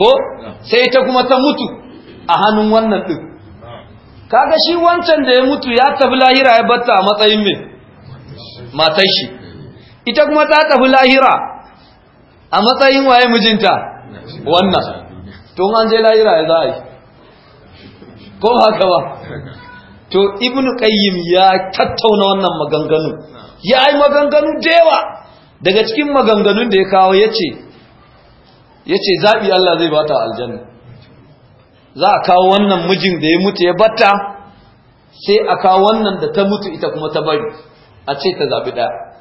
ko sai ta kuma ta mutu a hannun wannan ɗin kaga shi wancan da ya mutu ya tafi lahira ya batta a matsayin mai matar shi ita kuma ta tafi lahira a matsayin waye mijinta wannan tun an je lahira ya za a yi ko haka ba to ibnu qayyim ya tattauna wannan maganganu ya yi maganganu da daga cikin maganganun da ya kawo yace yace zabi Allah zai bata aljanna za a kawo wannan mijin da ya mutu ya bata sai a kawo wannan da ta mutu ita kuma ta bari a ce ta zabi daya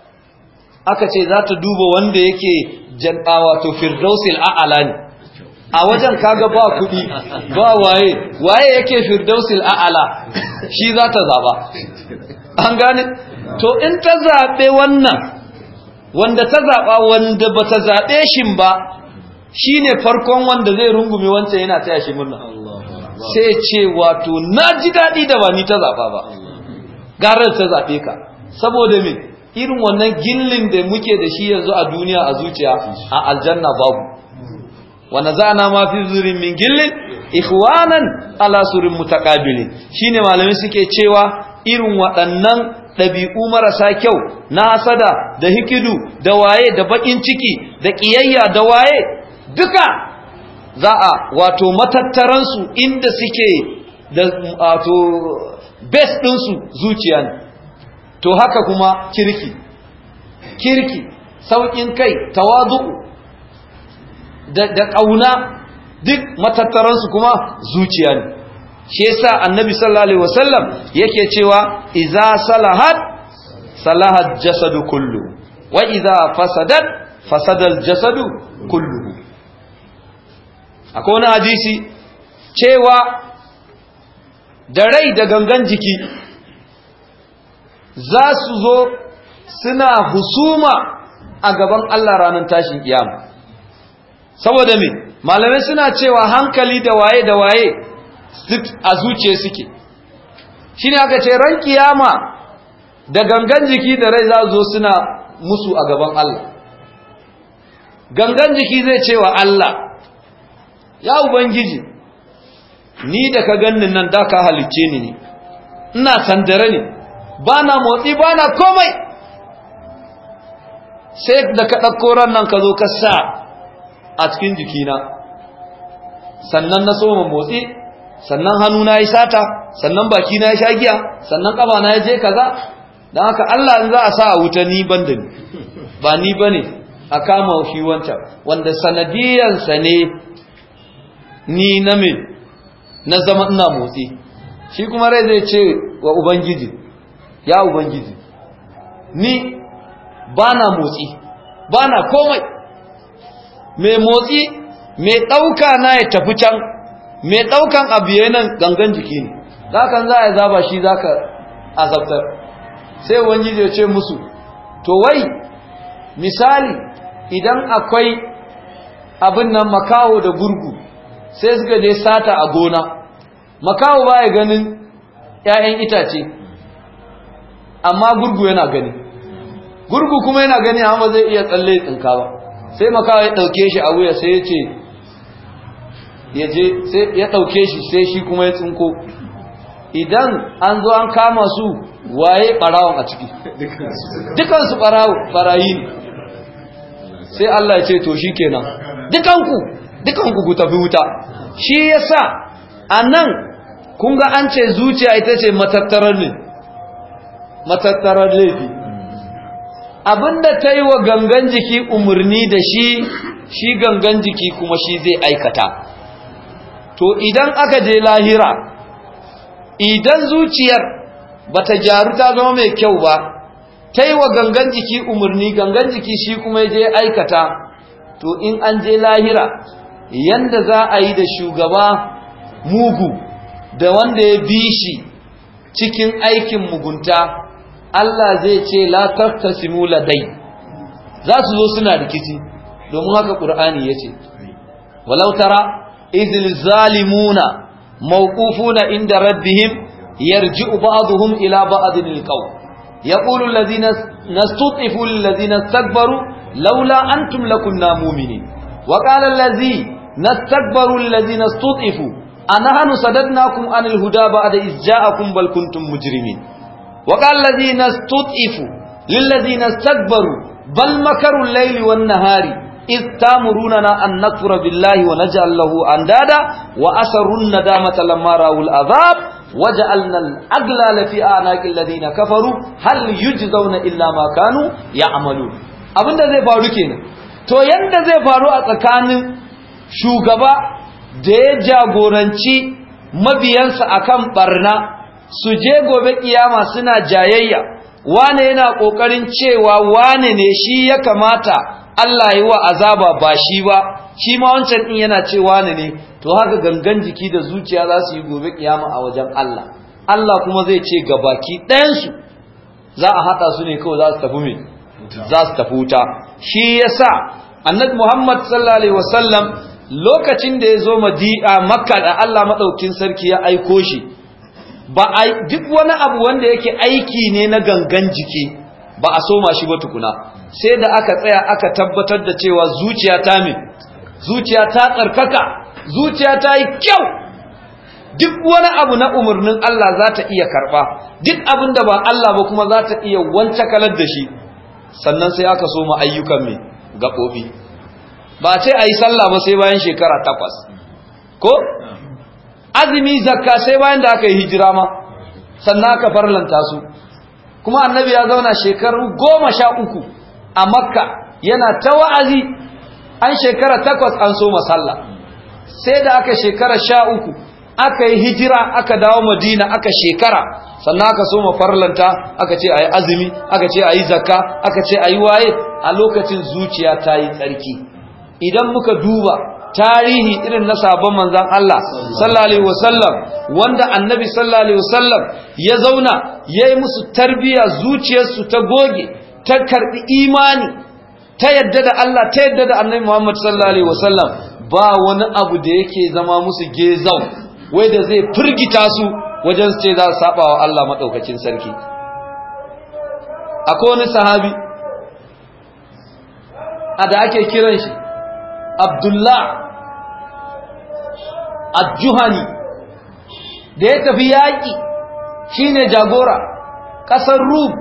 aka ce za ta duba wanda yake jan'awa to firdausil a'alani a wajen kaga ba kuɗi ba waye waye yake firdausil a'ala shi za ta zaba an gane to in ta zaɓe wannan wanda ta zaɓa wanda ba ta zaɓe shin ba shi ne farkon wanda zai rungume wancan yana taya shi murna sai ce wato na ji daɗi da ba ni ta zaɓa ba garar ta zaɓe ka saboda me irin wannan gillin da muke da shi yanzu a duniya a zuciya a aljanna babu wa nazana ma fi zurin min gillin ikhwanan ala surin mutaqabilin shine malamai suke cewa irin waɗannan ɗabi'u marasa kyau na hasada da hikidu da waye da bakin ciki da ƙiyayya da waye duka za a wato matattaransu inda suke da wato best ɗinsu zuciya to haka kuma kirki kirki sauƙin kai tawazu'u da ƙauna duk matattaransu kuma zuciya ne shi yasa annabi sallallahu alaihi wasallam yake cewa idza salahat salahat jasadu kullu wa idza fasadat fasadal jasadu kullu akwai wani hadisi cewa da rai da gangan jiki za su zo suna husuma a gaban Allah ranar tashin kiyama saboda me malamai suna cewa hankali da waye da waye a zuciya suke shine aka ce ran kiyama da gangan jiki da rai za zo suna musu a gaban Allah gangan jiki zai cewa Allah ya ubangiji ni da ka gannin nan da ka halicce ni ne ina sandare ne ba na motsi ba na komai sai da ka ɗauko ran nan ka zo ka sa a cikin jikina sannan na soma motsi sannan hannu na yi sata sannan baki na ya sha giya sannan ƙaba na ya je kaza don haka Allah za a sa a wuta ni ban da ni ba ni ba ne a kama shi wancan wanda sanadiyansa ne ni na mai na zama ina motsi shi kuma rai zai ce wa ubangiji ya ubangiji ni ba na motsi ba na komai mai motsi mai ɗauka na ya tafi can mai ɗaukan abu nan gangan jiki ne ka za a zaba shi za ka azabtar sai wani ya ce musu to wai misali idan akwai abin nan makaho da gurgu sai suka je sata a gona makaho ba ya ganin 'ya'yan itace amma gurgu yana gani gurgu kuma yana gani amma zai iya tsalle tsinka ba sai makawa ya ɗauke shi a wuya sai ya ce ya je ya ɗauke shi sai shi kuma ya tsinko idan an zo an kama su waye ɓarawon a ciki dukansu ɓarayi ne sai Allah ya ce to shi kenan dukanku dukanku ku tafi wuta shi ya sa a nan kun ga an ce zuciya ita ce matattarar ne matattarar laifi abinda ta yi wa gangan jiki umarni da shi shi gangan jiki kuma shi zai aikata to idan aka je lahira idan zuciyar bata jaru ta zama mai kyau ba ta yi wa gangan jiki umarni gangan jiki shi kuma ya je aikata to in an je lahira yanda za a yi da shugaba mugu da wanda ya bi shi cikin aikin mugunta Allah zai ce la taftasimu ladai za su zo suna rikici domin haka qur'ani yace walau tara izil zalimuna mawqufuna inda rabbihim yarji'u ba'dhum ila ba'dhin alqawl yaqulu alladhina nastutifu alladhina istakbaru laula antum lakunna mu'minin wa qala allazi nastakbaru alladhina istutifu anahnu sadadnakum anil huda ba'da iz bal kuntum mujrimin wa qala allazina istutifu lil ladzina istakbaru bal makaru al-layli wan nahari istamuruna an nakfura billahi wa naj'al lahu andada wa asarun nadamata lamma ra'ul adhab waj'alna al-aglala fi anaqi alladhina kafaru hal yujzauna illa ma kanu ya'malun da zai faru kenan to yadda zai faru a tsakanin shugaba da ya jagoranci mabiyansa akan ɓarna. su je gobe kiyama suna jayayya wane yana kokarin cewa wane ne shi ya kamata Allah yi wa azaba ba shi ba shi ma wancan din yana ce wane ne to haka gangan jiki da zuciya za su yi gobe kiyama a wajen Allah Allah kuma zai ce ga baki ɗayansu za a haɗa su ne kawai za su tafi mai za su tafi wuta shi yasa annabi Muhammad sallallahu alaihi wasallam lokacin da ya zo madi'a makka da Allah madaukin sarki ya aiko shi ba a duk wani abu wanda yake aiki ne na gangan jiki ba a soma shi ba tukuna sai da aka tsaya aka tabbatar da cewa zuciya ta min zuciya ta tsarkaka zuciya ta yi kyau duk wani abu na umarnin Allah za ta iya karba duk abin da ba Allah ba kuma za ta iya kalar da shi sannan sai aka soma ayyukan mai gaɓoɓi ba ce a yi sallah ba sai bayan shekara takwas ko azumi zakka sai bayan da aka yi hijira ma sannan aka farlanta su kuma annabi ya zauna shekaru goma sha uku a makka yana ta wa'azi an shekara takwas an so masalla sai da aka shekara sha uku aka yi hijira aka dawo madina aka shekara sannan aka so mafarlanta aka ce a yi azumi aka ce a yi zakka aka ce a yi waye a lokacin zuciya ta yi tsarki idan muka duba tarihi irin na sabon manzan Allah sallallahu alaihi wasallam wanda annabi sallallahu alaihi wasallam ya zauna yayi musu tarbiya zuciyarsu ta goge ta karbi imani ta yadda da Allah ta yadda da annabi Muhammad sallallahu alaihi wasallam ba wani abu da yake zama musu gezau wai da zai firgita su wajen su ce za su saba wa Allah madaukakin sarki akwai wani sahabi a da ake kiran shi abdullah adjuhani da ya tafi yaƙi shine jagora ƙasar rum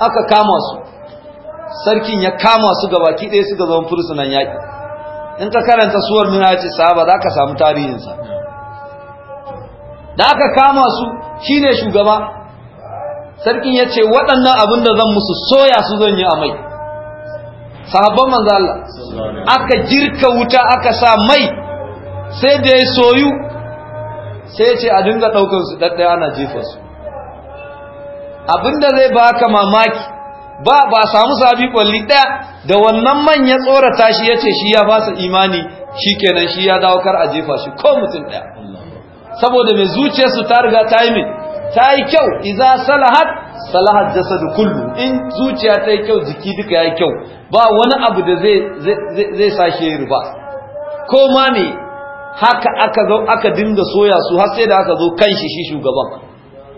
aka kama su sarkin ya kama su gabaki ɗaya suka zama fursunan yaƙi in ka karanta suwar minati saba, za ka samu tarihinsa da aka kama su shine shugaba sarkin ya ce waɗannan abin da zan musu soya su zan yi a mai. sahabban manzo Allah aka jirka wuta aka sa mai sai da ya soyu sai ce a dinga daukar su daddaya ana jefa su abinda zai baka mamaki ba ba samu sabi kwalli daya da wannan man ya tsorata shi yace shi ya ba su imani shikenan shi ya dawo kar a jefa shi ko mutum daya saboda mai zuciyarsu ta riga ta yi mai ta yi kyau iza salahat salahat jasadu kullu in zuciya ta yi kyau jiki duka ya yi kyau ba wani abu da zai sashe yi riba ko ma ne haka aka zo aka dinga soya su har sai da aka zo kan shi shi shugaban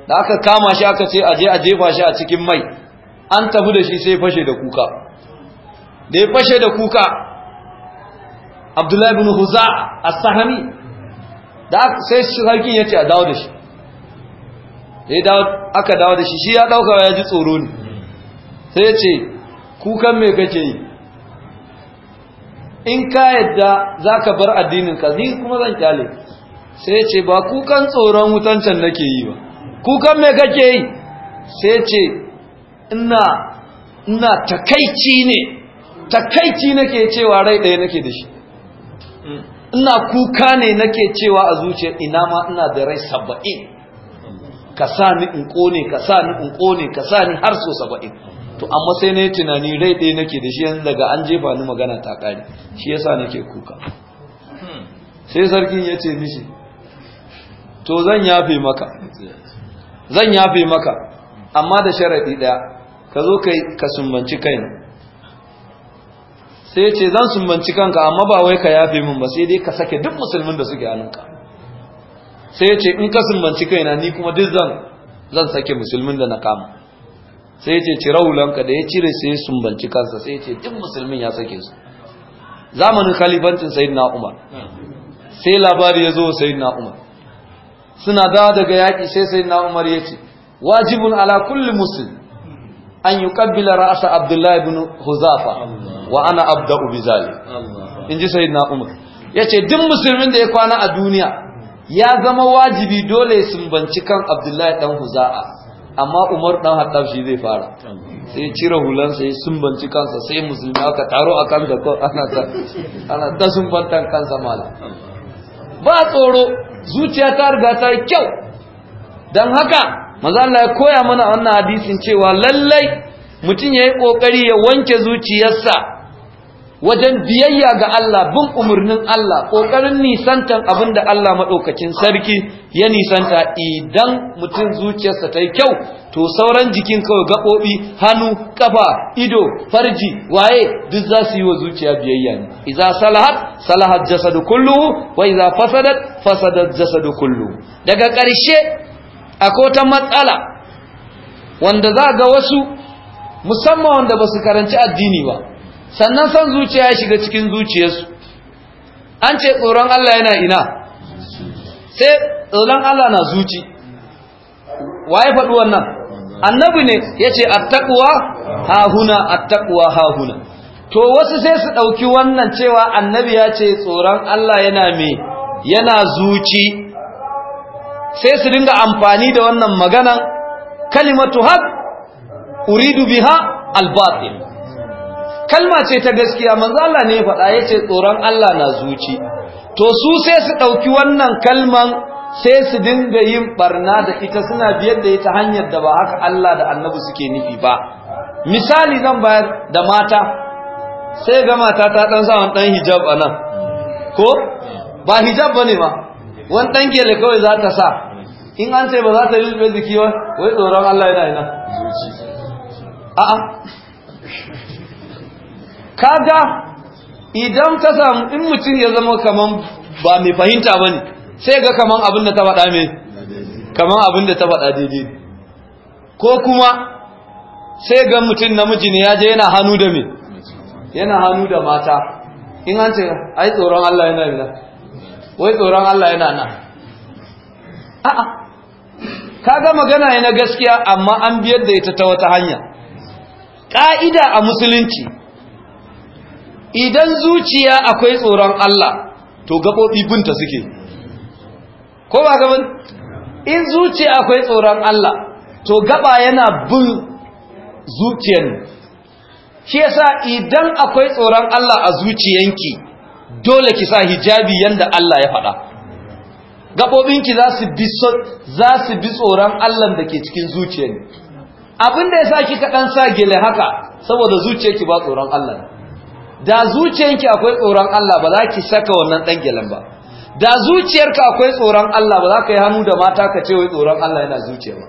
da aka kama shi aka ce aje a jefa shi a cikin mai an tafi da shi sai fashe da kuka da ya fashe da kuka abdullahi bin huza a sahami da sai sarkin ya ce a dawo da shi da aka dawo da shi shi ya dauka ya ji tsoro ne sai ya ce kukan me kake yi in ka yadda za ka bar addinin ka ni kuma zan kyale sai ya ce ba kukan tsoron wutancan nake yi ba kukan me kake yi sai ya ce ina takaici ne takaici nake cewa rai ɗaya nake da shi ina kuka ne nake cewa a zuciya ina ma ina da rai saba'in ka sa ni in kone ka sa ni in kone ka sa ni har so saba'in to amma sai na yi tunani rai ɗaya nake da shi yanzu daga an jefa ni magana ta ƙari shi yasa nake kuka sai sarkin ya ce mishi to zan yafe maka zan yafe maka amma da sharaɗi ɗaya ka zo ka sumbanci kaina sai ce zan sumbanci kanka amma ba wai ka yafe min ba sai dai ka sake duk musulmin da suke hannunka sai ya ce in ka sumbanci kaina ni kuma duk zan zan sake musulmin da na kama sai ya ce cire wulanka da ya cire sai ya sumbanci kansa sai ya ce duk musulmin ya sake su zamanin khalifancin sayyidina umar sai labari ya zo sayyidina umar suna dawa daga yaƙi sai sayyidina umar ya ce wajibun ala kulli muslim an yuqabbila ra'sa abdullahi ibn huzafa wa ana abda'u bizali inji sayyidina umar yace duk musulmin da ya kwana a duniya ya zama wajibi dole ya banci kan abdullahi dan huza'a amma umar dan hattab shi zai fara sai cire hulansa ya banci kansa sai musulmi aka taro a kan da ana ta banta kansa mala ba tsoro zuciya ta riga ta yi kyau don haka maza ya koya mana wannan hadisin cewa lallai mutum ya yi ƙoƙari ya wanke zuciyarsa wajen biyayya ga Allah bin umarnin Allah ƙoƙarin nisantan abin da Allah maɗaukacin sarki ya nisanta idan mutum zuciyarsa ta yi kyau to sauran jikin kawai gaɓoɓi hannu ƙafa ido farji waye duk za su yi wa zuciya biyayya ne iza salahat salahat jasadu kullu wa iza fasadat fasadat jasadu kullu daga ƙarshe akwai ta matsala wanda za ga wasu musamman wanda ba su karanci addini ba sannan son zuciya ya shiga cikin zuciyarsu an ce tsoron Allah yana ina sai tsoron Allah na zuci waye faɗi wannan annabi ne ya ce attaƙuwa hahuna attaƙuwa hahuna to wasu sai su ɗauki wannan cewa annabi ya ce tsoron Allah yana mai yana zuci sai su dinga amfani da wannan maganan kalimatu haq uridu biha albatil kalma ce ta gaskiya manzo Allah ne ya faɗa yace tsoron Allah na zuci to su sai su ɗauki wannan kalman sai su dinga yin barna da ita suna biyar da ita hanyar da ba haka Allah da Annabi suke nufi ba misali zan bayar da mata sai ga mata ta dan sa wannan hijab anan ko ba hijab bane ba wani dan gele kawai za ta sa in an sai ba za ta rilbe jiki wai tsoron Allah yana ina a'a kaga idan ka samu in mutum ya zama kaman ba mai fahimta ba ne, sai ga kaman abin da ta faɗa mai kaman abin da ta faɗa daidai ko kuma sai ga mutum namiji ne ya je yana hannu da mai yana hannu da mata in an ce ai tsoron Allah yana bila wai tsoron Allah yana nan a'a kaga magana yana na gaskiya amma an biyar da ita ta wata hanya ƙa'ida a musulunci idan zuciya akwai tsoron Allah to gaɓoɓi binta suke ko ba gaban in zuciya akwai tsoron Allah to gaba yana bin zuciyar shi yasa idan akwai tsoron Allah a zuciyanki dole ki sa hijabi yanda Allah ya faɗa gaɓoɓinki za su bi tsoron Allah da ke cikin zuciyar abin da ya sa kika ɗan sa gele haka saboda zuciyarki ba tsoron Allah ne da zuciyarki akwai tsoron Allah ba za ki saka wannan dan gelan ba da zuciyarka akwai tsoron Allah ba za ka yi hannu da mata ka ce wai tsoron Allah yana zuciya ba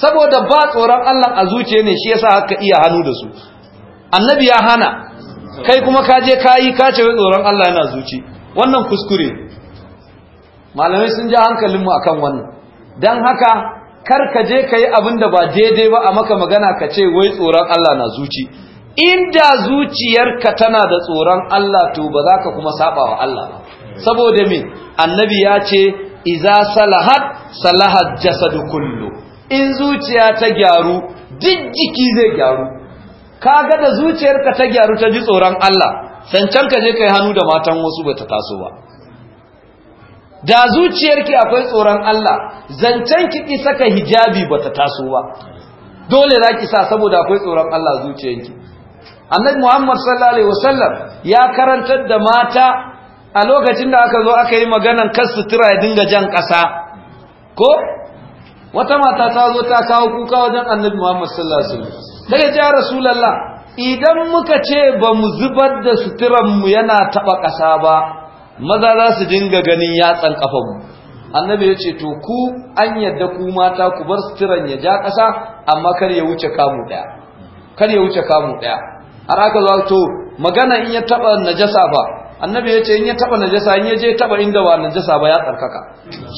saboda ba tsoron Allah a zuciya ne shi yasa haka iya hannu da su annabi ya hana kai kuma ka je ka yi ka ce wai tsoron Allah yana zuci wannan kuskure malamai sun ja hankalinmu akan wannan dan haka kar ka je ka yi abin da ba daidai ba a maka magana ka ce wai tsoron Allah na zuci inda zuciyarka tana da tsoron Allah to ba za ka kuma saba wa Allah ba saboda me annabi ya ce iza salahat salahat jasadu kullu in zuciya ta gyaru duk jiki zai gyaru kaga da zuciyarka ta gyaru ta ji tsoron Allah sancan ka je kai hannu da matan wasu ta taso ba da zuciyarki akwai tsoron Allah zancen ki ki saka hijabi bata taso ba dole za ki sa saboda akwai tsoron Allah zuciyarki annabi Muhammad sallallahu alaihi wasallam ya karantar da mata a lokacin da aka zo aka yi maganan kan sutura ya dinga jan ƙasa ko wata mata ta zo ta kawo kuka wajen annabi Muhammad sallallahu alaihi wasallam daga ja rasulullah idan muka ce ba mu zubar da suturan mu yana taba ƙasa ba maza za su dinga ganin yatsan kafan annabi ya ce to ku an yadda ku mata ku bar suturan ya ja ƙasa amma kar ya wuce kamu ɗaya kar ya wuce kamu ɗaya har aka zo to magana in ya taba najasa ba annabi ya ce in ya taba najasa in ya je taba inda ba najasa ba ya tsarkaka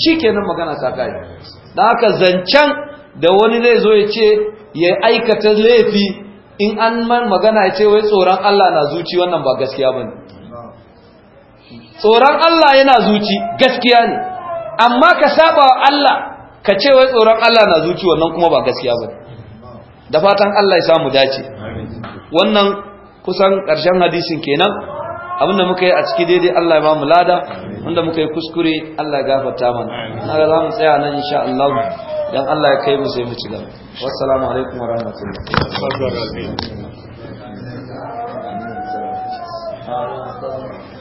shikenan magana ta kai dan haka zancen da wani zai zo ya ce ya aikata laifi in an man magana ya ce wai tsoron Allah na zuci wannan ba gaskiya bane tsoron Allah yana zuci gaskiya ne amma ka saba wa Allah ka ce wai tsoron Allah na zuci wannan kuma ba gaskiya bane da fatan Allah ya samu dace wannan kusan ƙarshen hadisin kenan abinda muka yi a ciki daidai Allah ya ba mu lada wanda muka yi kuskure Allah ya gafarta mana na ga za tsaya nan insha Allah dan Allah ya kai mu sai mu ci gaba wassalamu alaikum wa wabarakatuh